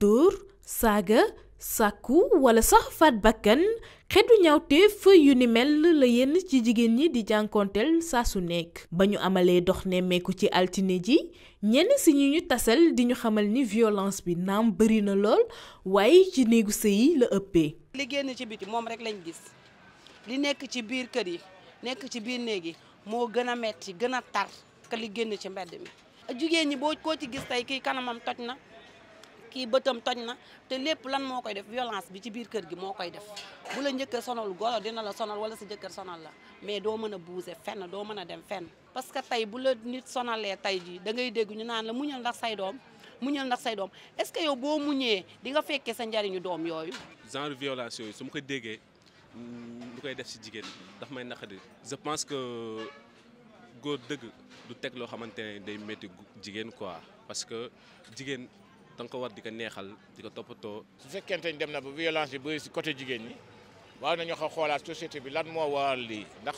dóor saaga sàkku wala sax faat bakkan xeetu ñaawteef yu ni mel la yenn ci jigéen ñi di jànkonteel saa su nekk ba ñu amalee dox nemmeeku ci altine ji ñenn si ñu tasal di ñu xamal ni violence bi naam bari na lool waaye ci néegu sëy la ëppee. li génn ci biti moom rek lañ gis li nekk ci biir kër yi nekk ci biir néeg yi moo gën a metti gën a tar ka li génn ci mbedd mi jigéen ñi boo ko ci gis tey kii kanamam toj na. kii bëtam toj na te lépp lan moo koy def violence bi ci biir kër gi moo koy def bu la njëkkër sonal golo dina la sonal wala si jëkkër sonal la mais doo mën a bouger fenn doo mën a dem fenn parce que tey bu la nit sonalee tey jii da ngay dégg ñu naan la muñal ndax say doom muñal ndax say doom est-ce que yow boo muñee di nga fekkee sa njariñu doom yooyu genre violence yooyu su ma ko déggee mm, lu koy def si jigéen daf may naqari je pense que góor dëgg du teg loo xamante ne day métti jigéen quoi parce que da nga war di ko neexal di ko toppatoo. su fekkente ni dem na ba violence yi bëri si côté jigéen ñi waaw nañu ko xoolaat société bi lan moo waral lii ndax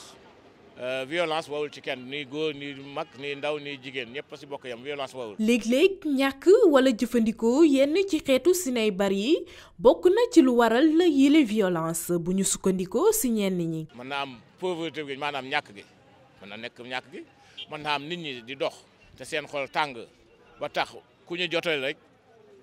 euh, violence wawul ci kenn ni góor ni mag ni ndaw ni jigéen ñëpp si bokk yam violence wawul. léeg-léeg ñàkk wala jëfandikoo yenn ci xeetu sinay bar yi bokk na ci lu waral la yile violence bu ñu sukkandikoo si ñenn ñi. mën na am pauvreté gi maanaam ñàkk gi mën na nekk ñàkk gi mën na am nit ñi di dox te seen xool tàng ba tax ku ñu rek.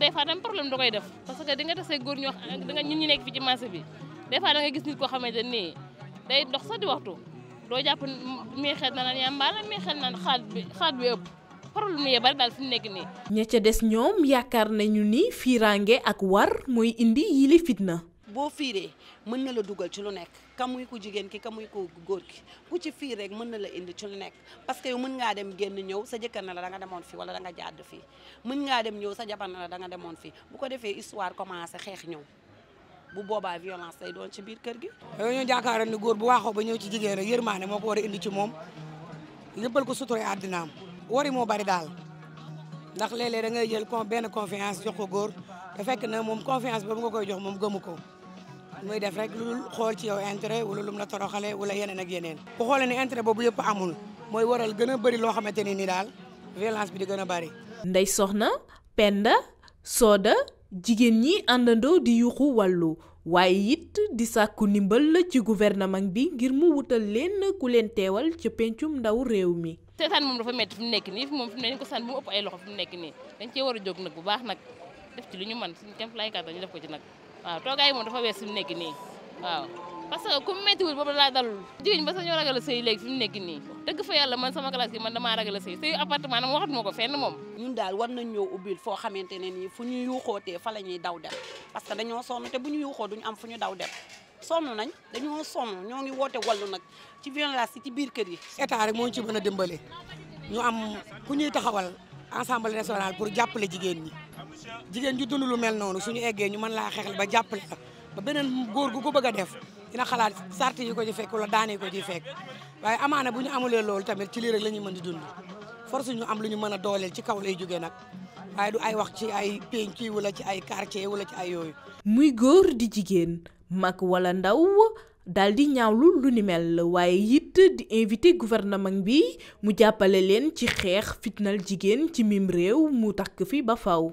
des fois tam problème da koy def parce que di nga tasee góor ñoo da nga ñun ñu nekk fi ci marché bi des fois da nga gis nit koo xamante nii day dox sax di waxtu doo jàpp mii xel na naan yàmbaa la mii xel naan xaat bi xaat bi ëpp problème yee bari daal fi ñu nekk nii ña ca des ñoom yaakaar nañu ni fiirange ak war mooy indi yile fitna boo fiiree mën na la dugal ci lu nekk kamuy ku jigéen ki kamuy ku góor ki ku ci fiir rek mën na la indi ci lu nekk parce que mën ngaa dem génn ñëw sa jëkkër na la da nga demoon fii wala danga jaad fii mën ngaa dem ñëw sa jabar na la da demoon fii bu ko defee histoire commencé xeex ñëw bu boobaa violence lay doon ci biir kër gi. yow ñoo jàkkaarloo ni góor bu waaxoo ba ñëw ci jigéen rek yërmaane moo ko war a indi ci moom yëppal ko suturee àddinaam wari moo bari daal ndax léeg-léeg da ngay benn confiance jox ko góor te fekk na moom confiance boobu nga koy jox moom gëmu ko. muy def rek lu xool ci yow intérêt wala mu la toroxale wala yeneen ak yeneen. bu xoolee ne intérêt boobu yëpp amul mooy waral gën a bëri loo xamante ne ni daal violence bi di gën a bëri. Ndey Soxna Penda Soda jigéen ñi àndandoo di yuuxu wàllu waaye it di sàkku ndimbal ci gouvernement bi ngir mu wutal leen ku leen teewal ca pencum ndaw réew mi. seetaan moom dafa metti fi nekk nii moom fi ko sànni bu ay loxo fi mu nekk nii dañ cee war a jóg nag bu baax nag def ci lu ñu mën suñu kéem laay kàttan ñu def ko ci nag. waaw toogaay moom dafa wees fi mu nekk nii waaw parce que ku mu méttiwul boobu laa dalul jigéen ba sa ñoo ragal a sëy léegi fi mu nekk nii dëgg fa yàlla man sama classe gi man damaa ragal a sëy sëy appartement dama waxatuma ko fenn moom nañ ne nii fu ñu yuuxootee fa la ñuy daw dem parce que dañoo sonn te bu ñu yuuxoo duñu am fu ñu daw dem sonn nañ dañoo ñoo ngi woote wallu nag ci violence yi ci biir kër yi état rek moo ñu ci mën a dimbale ñu am ku ñuy taxawal ensemble national pour jàppale jigéen ñi jigéen ji dund lu mel noonu su ñu eggee ñu mën laa xeexal ba jàppale ba beneen góor gu ko bëgg a def dina xalaat sart yi ko ci fekk wala daane yi ko ci fekk waaye amaana bu ñu amulee loolu tamit ci lii rek la ñuy mën di dund force ñu am lu ñu mën a dooleel ci kaw lay jógee nag waaye du ay wax ci ay penc yi wala ci ay quartier wala ci ay yooyu. muy góor di jigéen. mag wala ndaw daldi ñawlu lu ni mel waaye it di invité gouvernement bi mu jàppale leen ci xeex fitnal jigéen ci mim réew mu takk fi ba faw